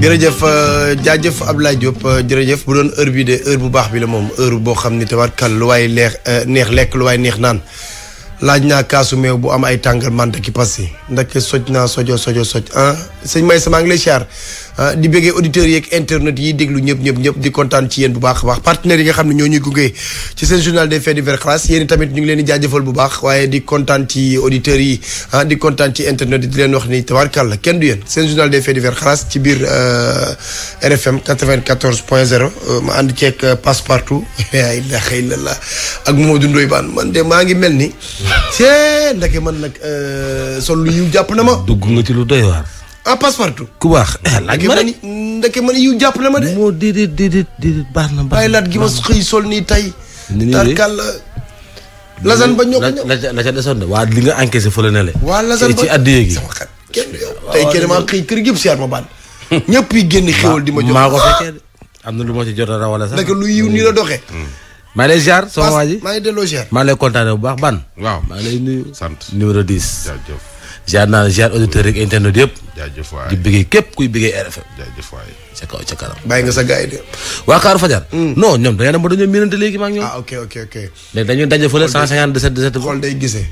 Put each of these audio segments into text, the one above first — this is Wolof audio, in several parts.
jërëjëf euh, jaajëf ab Abdoulaye Diop euh, jërëjëf bu doon heure bi de heure bu baax bi la moom heure boo xam ni tabarkal lu waay leex euh, neex lekk lu waay neex naan laaj naa kaasu meew bu am ay tàngal mante ki passé ndaxte soj naa sojo sojo soj ah sëñ may maa ngi lay siyaar Euh, di bëggee auditeurs yeeg internet yi déglu ñëpp ñëpp ñëpp di kontaan ci yéen bu baax a baax partenaires yi nga xam ne ñoo ñuy gunge ci seen journal des faits divers classe tamit ñu ngi leen di jaajëfal bu baax waaye di kontaan ci auditeurs yi ah di kontaan ci internet yi di leen wax ni tabarkàlla kenn du yéen seen journal des faits divers classe ci biir euh, RFM 94 point 0 euh, ma ànd ceeg passe partout la ilaha la ak Mamadou Ndoye Bane man de maa ngi mel ni see ndake man nag sol jàpp na ma dugg nga ci lu doy ah Passepartout. ku baax ah, eh, laaj ma rek ndeke man yu jàpp na ma de. moo baax na. baax na waaye laat gi sol nii tay tarkal lasan ba ñoo ko ñoo la la ca desoon de waa li nga encaissé fële ne le. waa lasan eh, ba ci addiya gi sama kenn maa kër yëpp siyaar ma baal. ñëpp yi génn xéwal di ma ko fekkee de am na lu ma ci jot a rawale sax. ndeke lu la doxee. Mm. maa ngi lay ziar sama waa ji maa ngi delloo kontaanee bu baax ban. waaw maa ngi lay nuyu. sant numéro 10. jaajëf. ziar naa ziar auditeurs rek internet yëpp. jaajëf waay di bëggee képp kuy bëggee RFM. jaajëf waay. ca kaw ca kanam. bàyyi nga sa gars yi de. waa Kaaru Fajar. Hmm. non ñoom a mën dañoo miinante léegi maa ngi ñoom. ah ok ok ok. léegi dañuy daje fële 157 17. xool day gisee.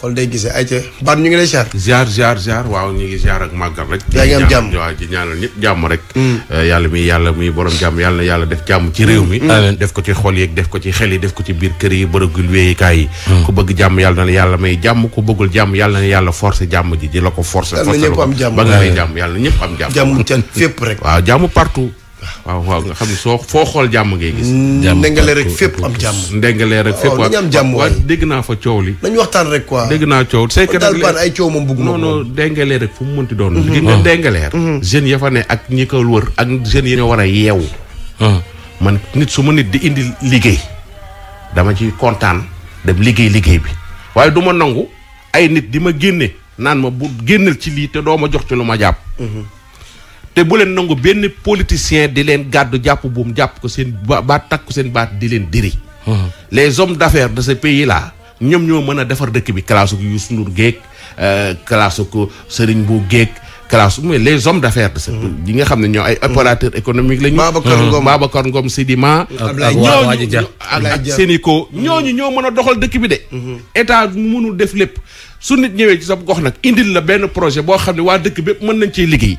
xool day gisee ay ca ban ñu ngi lay ziar. ziar ziar ziar waaw ñu ngi ziar ak màggal rek. jàmm waaw di ñaanal ñëpp jàmm rek. Hmm. Eh, mi yàlla mi borom hmm. ko ci xol yeeg xel yi def ko ci biir kër yi bërëgul wéyikaay yi. ku bëgg jàmm may jàmm ku bëggul jàmm yàlla na yàlla forcé jàmm ji di la ko forcé forcé ba nga may jàmm yàlla na am jàmm. jàmm fépp rek waaw jàmm partout. Ah, waaw waaw nga xam ne soo foo xool jàmm ngay gis. Mm, jàmm ndengale rek fépp am jàmm. ndengale rek fépp am jàmm waaye dégg naa fa coow li. nañu waxtaan rek quoi. dégg naa coow c'est que ay coow moom bëgg na non non dengale rek fu mu mënti doon. li mm-hmm. nga ah. dengaleer. Mm-hmm. jeunes ya fa ne ak ñi ko wër ak jeunes yi ñoo war a yeewu. Ah. man nit su ma nit di indi liggéey dama ci kontaan dem liggéey liggéey bi waaye du ma nangu ay nit di ma génne naan ma bu génneel ci lii te doo ma jox ci lu ma jàpp. Mm-hmm. te bu leen nangu benn politisien di leen gàddu jàpp buum jàpp ko seen baat takk ko seen baat di leen diri. les hommes d'affaires de ce pays là ñoom ñoo mën a defar dëkk bi classe gu Youssou Ndour géeg classe euh, gu Serigne Bou géeg classe mais les hommes d'affaires de ce nga xam ne ñoo ay opérateurs économiques lañu. Babacar Ngom Babacar Ngom Sidima. Ablaye Dia ak Sénico ñooñu ñoo mën a doxal dëkk bi de. état mënul def lépp su nit ñëwee ci sa gox nag indil la benn projet boo xam ne waa dëkk bépp mën nañ ciy liggéey.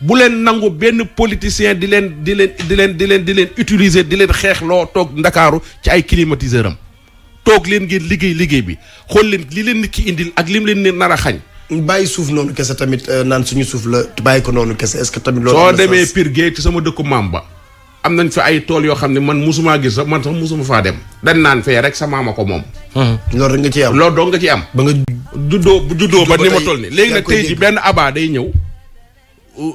bu leen nangu benn politicien di leen di leen di leen di leen di leen utiliser di leen xeex loo toog ndakaaru ci ay climatiseur am toog leen ngeen liggéey liggéey bi xool leen li leen nit ki indil ak lim leen ne nar a xañ. bàyyi suuf noonu kese tamit euh, naan suñu suuf la bàyyi ko noonu kese est-ce que tamit. loolu soo demee Pire sama dëkku maam ba. am nañ fa ay tool yoo xam ne man musuma gis sax man sax musuma faa dem. dañ naan fee rek sa maama ko moom. loolu rek nga ciy am loolu doo nga ciy am. ba nga juddoo juddoo ba ni ma toll nii léegi nag tey ji benn abaa day ñëw.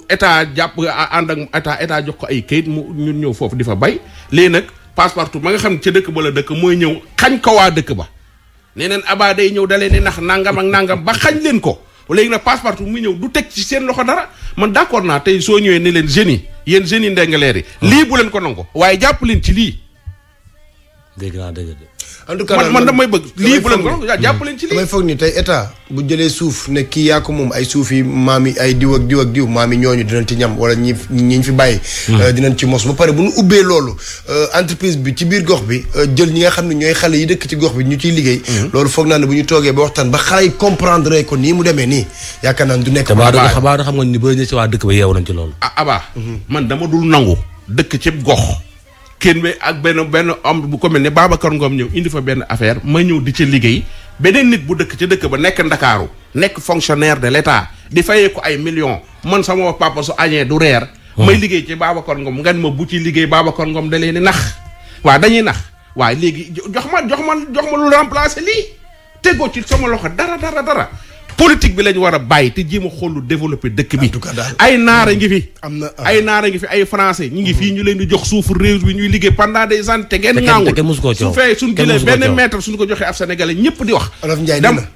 état jàpp ànd ak état état jox ko ay kayit mu ñun ñëw foofu di fa bay léegi nag passe-partout ma nga xam ci dëkk ba la dëkk mooy ñëw xañ ko dëkk ba nee neen abaa day ñëw dalee ne nax nangam ak nangam ba xañ leen ko léegi nag passe muy ñëw du teg ci seen loxo dara man d'accord naa tey soo ñëwee ne leen jeunes yi yéen jeunes yi ndengaleer lii bu leen ko nangu waaye jàpp leen ci lii dégg naa en tout cas man man damay bëgg lii jàpp leen ci lii damay foog ni tey état bu suuf kii yaa ko moom ay suuf yi maam yi ay diw ak diw ak diw maam yi ñooñu dinañ ci ñam wala ñi ñi fi bàyyi hmm. euh, dinañ ci mos ba pare bu ñu loolu euh, entreprise bi ci biir gox bi euh, jël ñi nga xam ne ñooy xale yi dëkk ci gox bi ñu ciy liggéey hmm. loolu foog naa ne bu ñu toogee ba waxtaan ba xale yi comprendre ko nii mu demee nii yaakaar naa du nekk xabaar xam nga ni bëri na ci waa dëkk ba yeewu nañ loolu ah abaa ah, hmm. man dama dul nangu dëkk ci gox kenn ak benn benn homme bu ko mel ne Babacar Ngom ñëw indi fa benn affaire may ñëw di ci liggéey beneen nit bu dëkk ca dëkk ba nekk ndakaaru nekk fonctionnaire de l'État di fayee ko ay millions man sama papa su añee du reer. Oh. may liggéey ci Babacar Ngom ngan ma bu ci liggéey Babacar Ngom da leen nax. waa dañuy nax waa léegi jox ma jox ma jox ma lu remplacer lii tegoo ci sama loxo dara dara dara. politique bi lañ war a bàyyi te jéem a xool lu développé dëkk bi ay naara ngi fi am na ah. ay naara ngi fi ay français ñu ngi fii ñu leen di jox suufu réew bi ñuy liggéey pendant des années te su fee suñ jëlee benn mètre suñu ko joxee ab sénégalais ñëpp di wax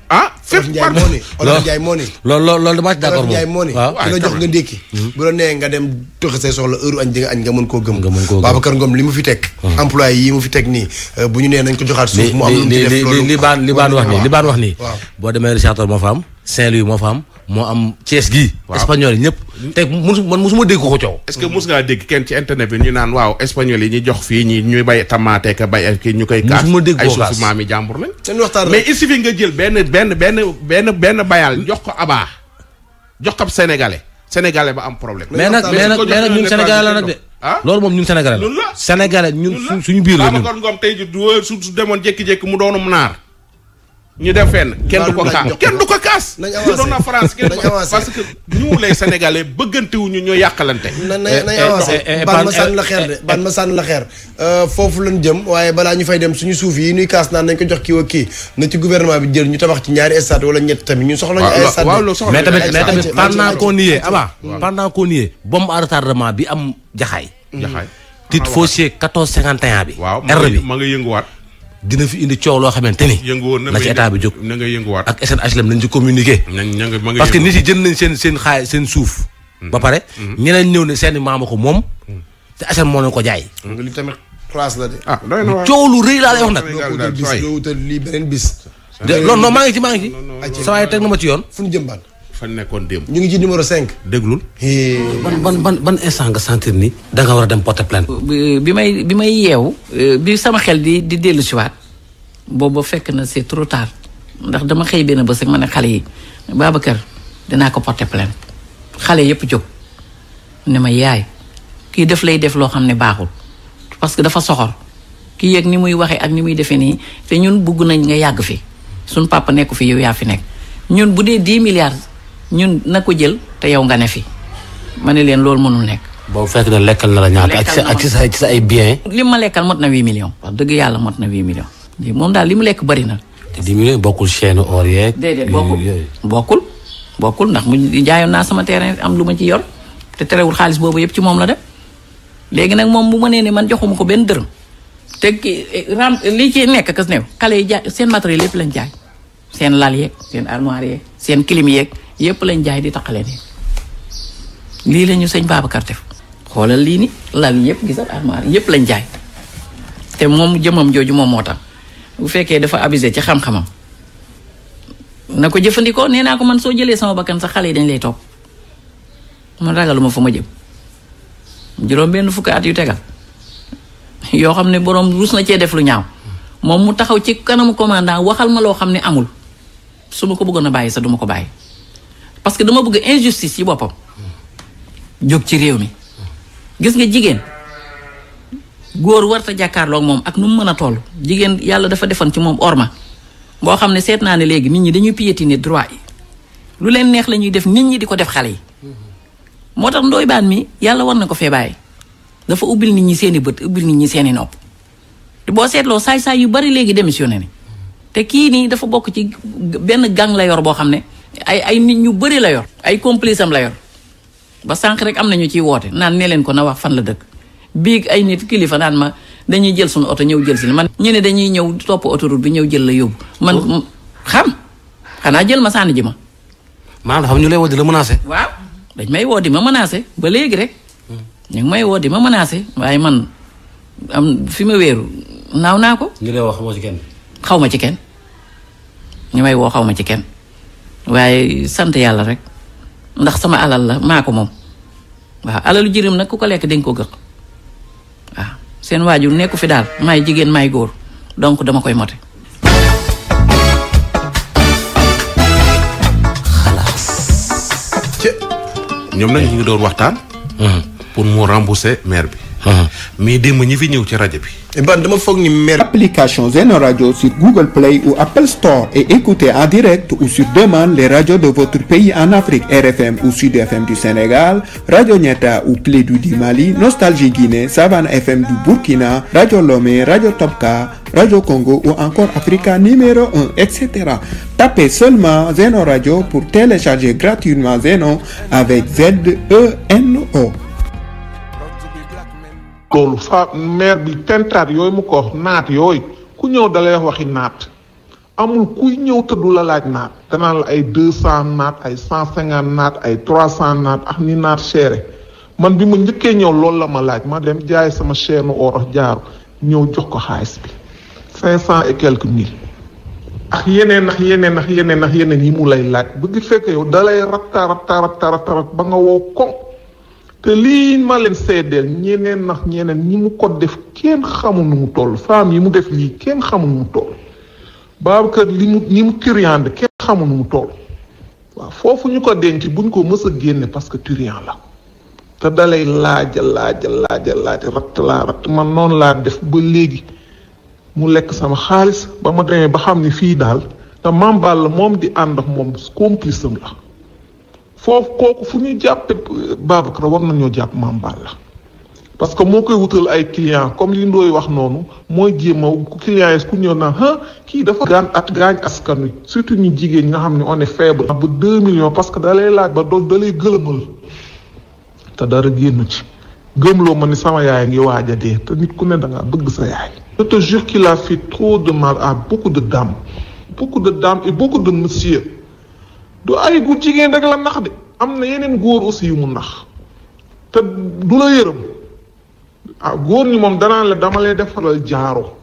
ah fépp par moo ne Olof Njaay moo ne loolu lool loolu damaa ci d'accord Olof Njaay moo ki la jox nga ndékki hmm. bu la nee nga dem toxi say soxla heure añ di nga añ nga mën koo gëm nga mën koo gëm Babacar Ngom li mu fi teg hmm. employé yi mu fi teg nii euh, bu ñu nee nañ ko joxaat suuf mu am lu mu ci def li baan li baan wax nii li baan wax nii boo demee Richard Toll moo fa Saint-Louis moo fa am moo am Thiès gii. waaw espagnol yi ñëpp. te musu man musuma dégg ko coow. est que mus ngaa dégg kenn ci internet bi ñu naan waaw espagnol yi ñu jox fii ñi ñuy bay tamaate ka bay ak kii ñu koy. musuma dégg ay suuf maam yi jàmbur lañ. seen waxtaan mais nga jël benn benn benn benn benn bayal jox ko abaa jox ko sénégalais sénégalais ba am problème. mais nag mais nag mais nag ñun sénégalais la nag ah? moom ñun sénégalais la. loolu la sénégalais ñun suñu biir la ñun. Babacar tey jii demoon jékki-jékki mu doonum naar ñu def fenn kenn du ko kaas kenn du ko kaas. nañ avancé na France kenn du ko parce que ñu lay sénégalais bëggantewuñu ñu yàqalante. na nañ eh, eh, avancé eh, ban ma sànni la xeer de ban ma sànni la xeer. Euh, foofu lañ jëm waaye balaa ñu fay dem suñu suuf yi ñuy kaas naa nañ ko jox kii wa kii na ci gouvernement bi jël ñu tabax ci ñaari stade wala ñett tamit ñu soxla ñu ay stade. waaw loolu soxla mais tamit mais tamit pendant qu'on y est Abba. bi am jaxaay. jaxaay titre ah, foncier 1451 bi. waaw ma nga yënguwaat dina fi indi coow loo xamante ni. yënguwoon na ci état bi jóg na nga yënguwaat ak SNHLM nañ ci communiqué. parce que nit yi jënd nañ seen seen xaay seen suuf. Mm-hmm. ba pare. Mm-hmm. ñeneen ñëw ne seen maama ko moom. Mm-hmm. te SN moo leen ko jaay. li tamit place la de. ah doy na coow lu rëy laa lay wax nag. doo wutal loolu maa ngi ci maa ngi ci. saa teg na ma ci yoon fu ñu jëmbaat fan nekkoon démb. ñu ngi ci numéro cinq déglul. Eh. ban ban ban ban instant nga sentir ni. da nga war a dem porter plainte. bi may bi may yeew eh, bi sama xel di di dellu si waat boobu fekk na c'est trop tard ndax dama xëy benn bés rek ma ne xale yi kër dinaa ko porter plainte xale yëpp jóg ne ma yaay kii def lay def loo xam ne baaxul parce que dafa soxor kii yeeg ni muy waxee ak ni muy defee nii te ñun bugg nañ nga yàgg fi. suñ papa nekku fi yow yaa fi nekk ñun bu dee dix milliards ñun na ko jël te yow nga ne fi ma ne leen loolu mënul nekk. boobu fekk na lekkal na la ñaata ak ci sa ak sa ay bien. li ma lekkal mot na huit millions. wax dëgg yàlla mot na huit millions. moom daal li mu lekk bari na. te huit millions bokkul chaîne or yeeg. déedéet bokkul bokkul bokkul ndax mu jaayoon naa sama terrain am lu ma ci yor te terewul xaalis boobu yëpp ci moom la dem léegi nag moom mu ma nee ne man joxuma ko benn dërëm te eh, ram li ci nekk kas new xale yi jaay seen matériel yëpp lañ jaay seen lal yeeg seen armoire seen clim yeeg. yépp lañ jaay di taqale nii lii la ñu sëñ Babacar def xoolal lii ni lal yëpp gisal armoire yëpp lañ jaay te moom jëmam jooju moom moo tax bu fekkee dafa abusé ci xam na ko jëfandikoo nee naa ko man soo jëlee sama bakkan sa xale yi dañ lay topp man ragaluma ma jëm juróom fukki at yu tegal yoo xam ne boroom rus cee def lu ñaaw moom mu taxaw ci kanamu commandant waxal ma loo xam ne amul su ma ko bëggoon a bàyyi sax duma ko bàyyi parce que dama bëgg injustice yi boppam jóg ci réew mi gis nga jigéen góor warta jàkkaarlook moom ak nu mu mën a toll jigéen yàlla dafa defoon ci moom orma boo xam ne seet naa ne léegi nit ñi dañuy piétiner droit yi lu leen neex la ñuy def nit ñi di ko def xale yi moo tax ndooy baan mi yàlla war na ko fee bàyyi dafa ubbil nit ñi seeni bët ubbil nit ñi seeni nopp te boo seetloo saay-saay yu bari léegi démissionné ni te kii nii dafa bokk ci benn gang la boo xam ne ay ay nit ñu bëri la yor ay complice am la yor ba sànq rek am na ñu ciy woote naan ne leen ko na wax fan la dëkk bii ay nit kilifa naan ma dañuy jël suñu oto ñëw jël si man ñu ne dañuy ñëw topp autoroute bi ñëw jël la yóbbu. man oh. xam xanaa jël ma sànni ji ma. maanaam xam ñu lay woo la menacé. waaw dañ may woo di ma menacé ba léegi rek. ñu ngi may woo ma menacé waaye man am fi ma wéeru naaw naa ko. ñu lay wax xaw ma xaw ma ci kenn ñu may woo xaw ma ci kenn. waaye sant yàlla rek ndax sama alal la maa ko moom waaw alalu jirim nag ku ko lekk dañ ko gëq waaw seen waajur nekku fi daal may jigéen may góor donc dama koy mote xalaas ñoom nag ñu ngi doon waxtaan hmm. pour mu rembourser maire bi mais démb ñi fi ñëw ci rajo bi. Eh ban dama foog ni mer. application Zen Radio sur Google Play ou Apple Store et écoutez en direct ou sur les radios de votre pays en Afrique RFM ou Sud FM du Sénégal Radio Nieta ou Clédou du Mali Nostalgie Guinée FM du Burkina Radio Lomé Radio Topka Radio Congo ou encore Africa numéro 1 etc. Tapez seulement Zeno Radio pour télécharger gratuitement Zeno avec Z E N O. loolu fa maire bi tentaat yooyu mu ko naat yooy ku ñëw dalay waxi naat amul kuy ñëw te la laaj naat danaa la ay deux cent naat ay cent cinquante naat ay trois cent naat ak ni naat chéré man bi mu njëkkee ñëw loolu la ma laaj ma dem jaay sama chaîne or ak jaaru ñëw jox ko xaalis bi cinq cent et quelques mille ak yeneen ak yeneen ak yeneen ak yeneen yi mu lay laaj bu gi fekk yow dalay rabta rabta rabta ba nga wow ko te lii ma leen seedeel ñeneen nax ñeneen ñi mu ko def kenn xamul nu mu toll femme yi mu def lii kenn xamul nu mu toll Babacar li mu ñi mu turiande kenn xamul nu mu toll waaw foofu ñu ko denc buñ ko mës a génne parce que turian la te dalay laaja laaja laaja laaja ratt laa ratt man noon laa def ba léegi mu lekk sama xaalis ba ma demee ba xam ne fii daal te mambal Balla moom di ànd ak moom complice la foofu kooku fu ñuy jàppe Babacar war nañoo jàpp Mame Balla parce que moo koy wutal ay client comme li ndooy wax noonu mooy jéema a client yi ku ñëw naan ah kii dafa gaañ at gaañ askan wi surtout ñu jigéen ñi nga xam ne on est faible ba deux millions parce que da laaj ba dool da lay gëlëmal te dara génn ci gëmloo ma ni sama yaay ngi waaj a dee te nit ku ne da nga bëgg sa yaay je te jure qu'il a fait trop de mal à beaucoup de dames beaucoup de dames et beaucoup de messieurs du ay gu jigéen rek la nax de am na yeneen góor aussi yu mu nax te du la yërëm ah góor ñi moom danaan la dama lay defaral jaaro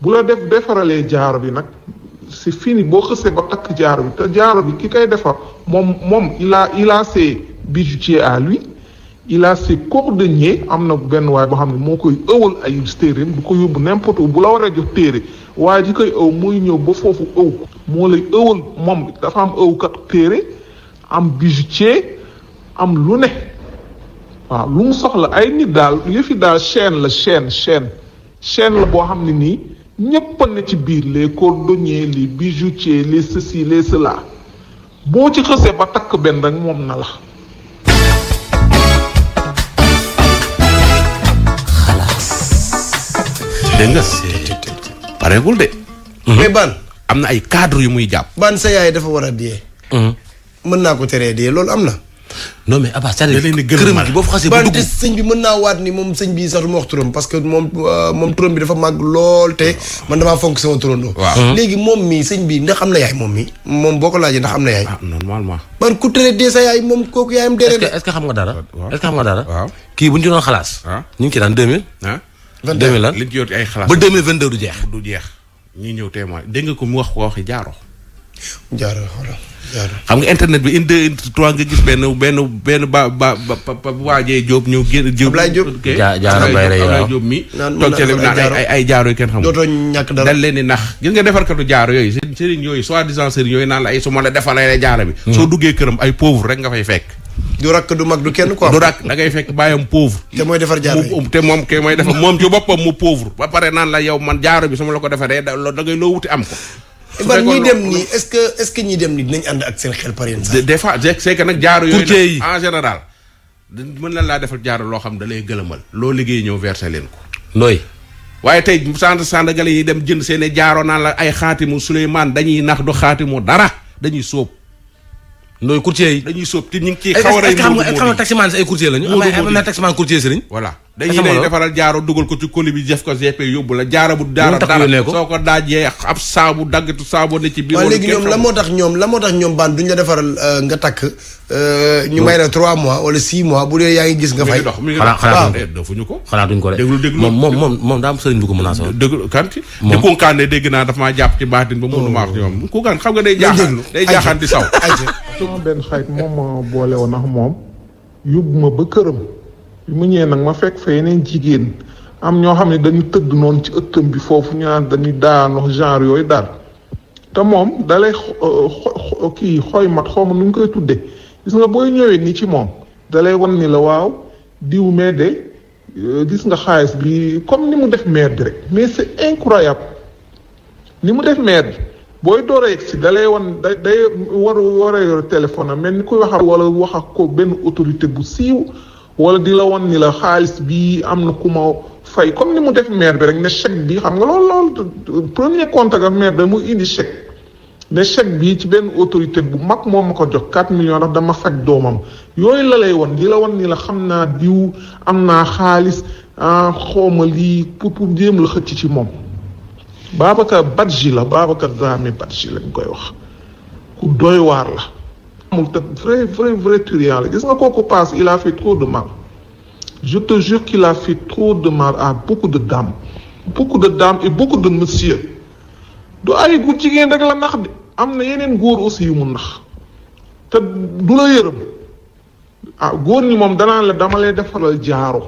bu la def defaralee jaaro bi nag si fini boo xësee ko takk jaaro bi te jaaro bi ki koy defar moom moom il a il a ses bijoutiers à il a ses cordonniers am na benn waay boo xam ne moo koy ëwal ay téeréem du ko yóbbu n'importe où bu la war a jox téere waaye ji koy ëw muy ñëw ba foofu ëw moo lay ëwal moom dafa am ëwkat téere am bijoutier am lu ne waaw lu mu soxla ay nit daal yëfi daal chaîne la chaine chaîne chaîne la boo xam ne nii ñépp ne ci biir les cordonniers les bijoutiers les ceci les cela boo ci xësee ba takk benn rek moom na la dégg nga ah, pareegul de. Mhm. am na ay cadre yu muy jàpp. ban sa yaay dafa war a dee. Mhm. mën naa ko teree dee loolu am na. non mais Abba c'est-à-dire këram ba dugg sëñ bi mën naa waat ni moom sëñ bi sax du ma wax parce que moom euh, moom turam bi dafa màgg lool te man damaa fonk sama turandoo waaw mhm. léegi moom mii sëñ bi ndax am na yaay moom mii moom boo ko laajee ndax am na yaay ah, normalement ban ku tere dee sa yaay moom kooku yaayam dee est-ce xam nga dara est-ce que xam nga dara kii bu ñu ci doon xalaas ah. ñu ngi ci daan deux demee lan li ci yor ay xalaat ba 2022 du jeex. du jeex ñi ñëw témoin dégg nga ko mu wax ko waxi jaaro. jaaro xam nga internet bi indi trois nga gis benn benn benn ba ba ba waajee Diop ñëw génn. Diop Ablaye Diop ja jaaro bay rey waaw Diop mi. naan toog ci ay ay jaaro yu kenn xamul. dootoo ñàkk dara dañ leen di nax. gis nga defarkatu jaaro yooyu sëriñ yooyu soi-disant sëriñ yooyu naan la ay su ma la defalee jaaro bi. Hmm. soo duggee këram ay pauvre rek nga fay fekk. du rakk du mag du kenn quoi. du rakk da ngay fekk bàyyam pauvre. te mooy defar jaaro yi um, te moom kay mooy defar moom ci boppam mu pauvre ba pare naan la yow man jaaro bi su la ko defaree da ngay loo wuti am ko. su fekkoon ce que est-ce que ñi dem nii dinañ ànd ak seen xel par yenn sax. des fois c'est que nag jaaro yooyu en général. mën na laa defal jaaro loo xam da lay gëlëmal. loo liggéey ñëw versé leen ko. nooy. waaye tey sant sànq gale yi dem jënd seen i jaaro naan la ay xaatimu Suleymaan dañuy nax du xaatimu dara dañuy sóob ndooy courtier yi dañuy sóob te ñu ngi ciy xaw a rey. yi est-ce que xam nga courtier lañu. Modou Modou am courtier sëriñ. voilà dañ lay defaral jaaro dugal ko ci colis bi def ko GP yóbbu la jaara bu daara dara soo ko daajee ab saabu daggatu saabu ne ci biir waaw léegi ñoom la moo tax ñoom la moo tax ñoom baan duñ la defaral euh, nga takk euh, ñu may la trois mois wala six mois bu dee yaa ngi gis nga fay defuñu ko xalaatuñ ko de déglu déglu moom moom moom moom daa am sëriñ ko a so déglu kanti naa daf maa jàpp ci baatin ba mënu maa wax ñoom oh. kunkaan xam nga day jaaxaan di saw sama benn moom ma boole woon ak moom yóbbu ma ba këram bi mu ñëwee nag ma fekk fa yeneen jigéen am ñoo xam ne dañu tëdd noonu ci ëttëm bi foofu ñu naan dañuy daanoo genre yooyu daal te moom dalay euh, kii xooy mat xaw ma nu ñu koy tuddee gis nga booy ñëwee ni ci moom dalay wan ni la waaw diw mee de euh, gis nga xaalis bi comme ni mu def maire bi rek mais c'est incroyable ni mu def maire bi booy door a yegg si dalay wan day war war a yor téléphone am mel ni kuy wax ak wala wax ak ko benn autorité bu siiw wala di la wan ni la xaalis bi am na ku ma fay comme ni mu def maire bi rek ne chèque bi xam nga loolu loolu premier contact ak maire bi mu indi chèque ne chèque bi ci benn autorité bu mag moo ma ko jox 4 millions ndax dama faj doomam yooyu la lay wan di la wan ni la xam naa diw am naa xaalis ah xawma lii pour pour jéem la xëcc ci moom Babacar Badji la Babacar Dramé Badji lañ koy wax ku doy waar la amul te vrai vrai vrai truand la gis nga kooku passe il a de mal je te jure qu'il a fait trop de mal à beaucoup de dames beaucoup de dames et beaucoup de monsieur du ay gu jigéen rek la nax de am na yeneen góor aussi yu mu nax te du la yërëm a ah, góor ñi moom danaan la dama lay defaral jaaro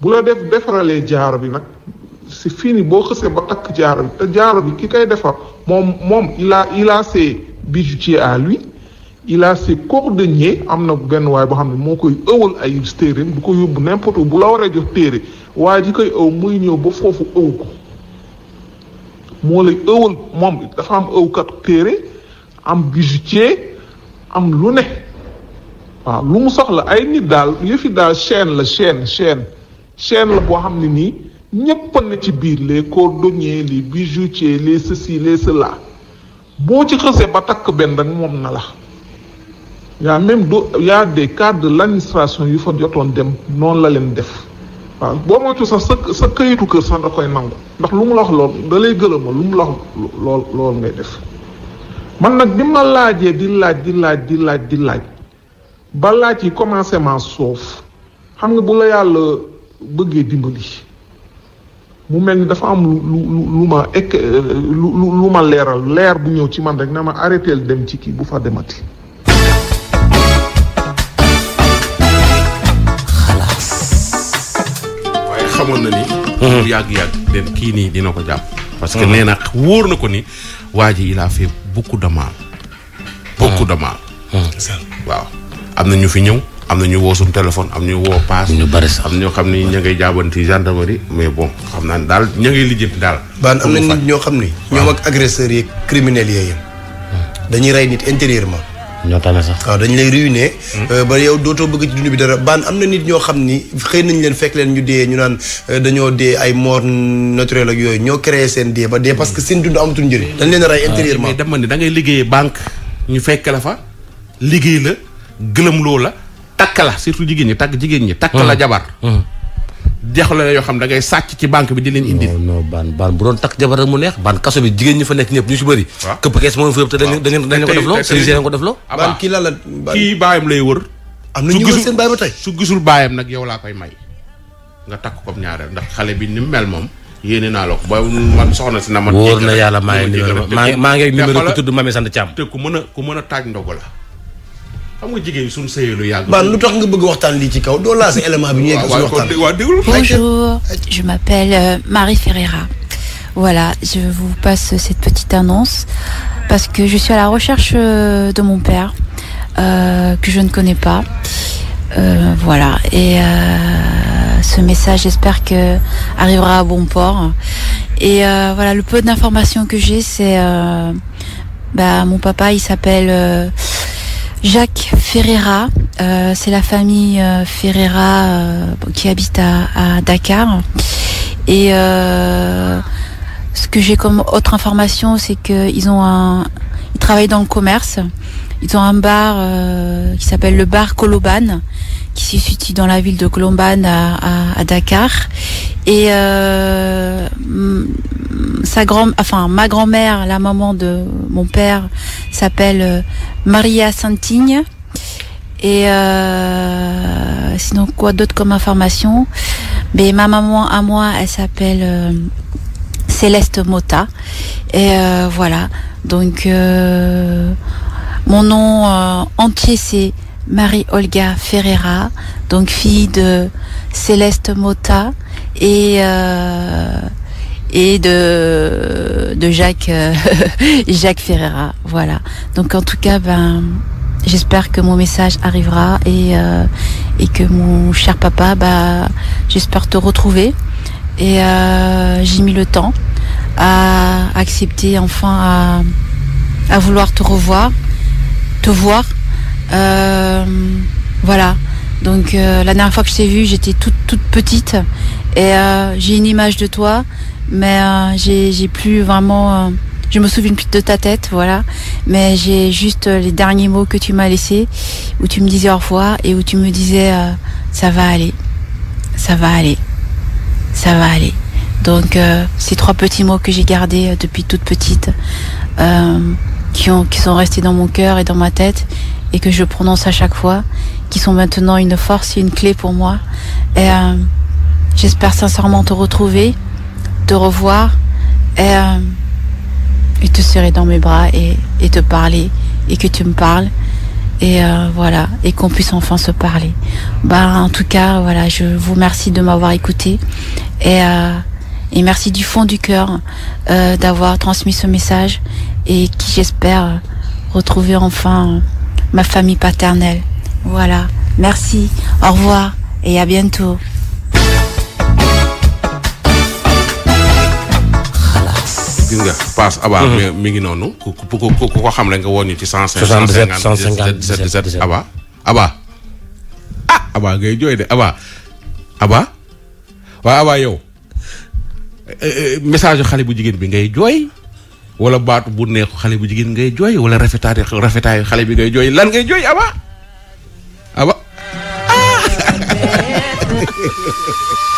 bu la def defaralee jaaro bi nag si fii nii boo xësee ba takk jaaro bi te jaaro bi ki koy defar moom moom il a il a ses bijoutiers à il si ses cordonniers am na benn waay boo xam ne moo koy ëwal ay téeréem bu ko yóbbu n'importe bu la war a jox téere waaye ji koy ëw muy ñëw ba foofu ëw ko moo lay ëwal moom dafa am ëwkat téere am bijoutier am lu ne waaw lu mu soxla ay nit daal yëfi daal chaîne la chaîne chaîne chaîne la boo xam ne nii ñépp na ci biir les cordonniers les bijoutiers les ceci les cela boo ci xësee ba takk benn rek moom na la yaa a do yaa de des cadres de l' yu fa jotoon dem noonu la leen def waaw boo moytu sax sa sa këyitu kër sax da koy nangu ndax lu mu la lool da lay gëlëma lu mu la lool lool ngay def man nag bi ma laajee di laaj di laaj di laaj di laaj ba laaj yi commencé ma soof xam nga bu la yàlla bëggee dimbali mu mel ni dafa am lu lu lu ma ek lu lu ma leeral leer bu ñëw ci man rek na ma arrêté dem ci kii bu fa demati. xamoon na ni. Mhm. bu yàgg-yàgg den kii nii dina ko jàpp. parce que mhm. nee na wóor na ko ni waa ji il a fait beaucoup de mal. beaucoup mhm. de mal. waaw am na ñu fi ñëw am na ñu woo suñu am ñu woo paas. ñu bari sax am ñoo xam ni ña ngay jaabanti gendarmerie mais bon xam naa ne daal ña ngay daal. baan am na ñoo xam ni. ñoom ah. ak agresseurs yi criminels yooyu hmm. dañuy rey nit intérieurement. ñoo tane waaw dañ lay ruiner. Hmm. Euh, ba yow dootoo bëgg ci dund bi dara ban am na nit ñoo xam ni xëy nañ leen fekk leen ñu dee ñu naan euh, dañoo dee ay mort naturelle ak yooyu ñoo créé seen dee ba dee parce que seen dund amatul njëriñ. dañ leen ray intérieurement ah, mais dama ne da ngay liggéeyee banque ñu fekk la fa liggéey la gëlëm loo la takk la surtout jigéen ñi takk jigéen ñi. takk la hmm. jabar. Hmm. jeexle la yoo xam da ngay sàcc ci banque bi di leen indi. non non ban ban bu doon takk jabar rek mu neex ban kaso bi jigéen ñi fa nekk ñëpp ñu si bëri. këpp kees moom fépp te dañu dañu ko def loo dañu kii la la kii baayam lay wër. am na ñu seen baay ba tey su gisul baayam nag yow laa koy may nga takk ko ñaareel ndax xale bi ni mel moom yéene naa la ko ba man soxna si na ma. wóor na yàlla maa ngi maa ngi numéro ku tudd Mami sant Thiam. a ku mën a la xam nga jigéen suñu sëyee lu yàgg. ban lu tax nga bëgg waxtaan lii ci kaw doo laase élément bi ñu yegg suñu waxtaan. bonjour je m'appelle euh, Marie Ferreira voilà je vous passe cette petite annonce parce que je suis à la recherche euh, de mon père euh, que je ne connais pas euh, voilà et euh, ce message j'espère que arrivera à bon port et euh, voilà le peu d'informations que j'ai c'est bah mon papa il s'appelle Jacques Ferreira, euh, c'est la famille euh, Ferreira euh, qui habite à, à Dakar. Et euh, ce que j'ai comme autre information, c'est qu'ils ont un, ils travaillent dans le commerce. Ils ont un bar euh, qui s'appelle le bar Coloban qui se situe dans la ville de Colomban à, à, à, Dakar. Et euh, sa grand, enfin ma grand-mère, la maman de mon père, s'appelle euh, Maria Santigne. Et euh, sinon quoi d'autre comme information Mais ma maman à moi, elle s'appelle euh, Céleste Mota. Et euh, voilà. Donc euh, mon nom entier c'est Marie-Olga Ferreira, donc fille de Céleste Mota et euh, et de de Jacques euh, Jacques Ferreira. Voilà. Donc en tout cas, ben j'espère que mon message arrivera et euh, et que mon cher papa, bah j'espère te retrouver. Et j'ai mis le temps à accepter enfin à à vouloir te revoir, te voir Euh, voilà. Donc euh, la dernière fois que je t'ai vue, j'étais toute toute petite et euh, j'ai une image de toi, mais euh, j'ai plus vraiment. Euh, je me souviens plus de ta tête, voilà. Mais j'ai juste euh, les derniers mots que tu m'as laissés, où tu me disais au revoir et où tu me disais ça va aller, ça va aller, ça va aller. Donc ces trois petits mots que j'ai gardés depuis toute petite, qui ont qui sont restés dans mon cœur et dans ma tête et que je prononce à chaque fois, qui sont maintenant une force et une clé pour moi. Et euh, j'espère sincèrement te retrouver, te revoir et, euh, et, te serrer dans mes bras et, et te parler et que tu me parles et euh, voilà et qu'on puisse enfin se parler bah en tout cas voilà je vous remercie de m'avoir écouté et, euh, et merci du fond du cœur euh, d'avoir transmis ce message et qui j'espère retrouver enfin ma famille paternelle. Voilà. Merci. Au revoir et à bientôt. gis nga paas Aba. Mhm. mi ngi noonu. ku ku ku ko xam rek nga woo ñu ci cent cinquante. cent cinquante dix sept Aba. Aba ah Aba ngay jooy de Aba Aba waaye Aba yow eh, eh, eh, message xale bu jigéen bi ngay jooy. wala baatu bu neexu xale bu jigéen ngay jooy wala rafetaayu rafetaayu xale bi ngay jooy lan ngay jooy aba aba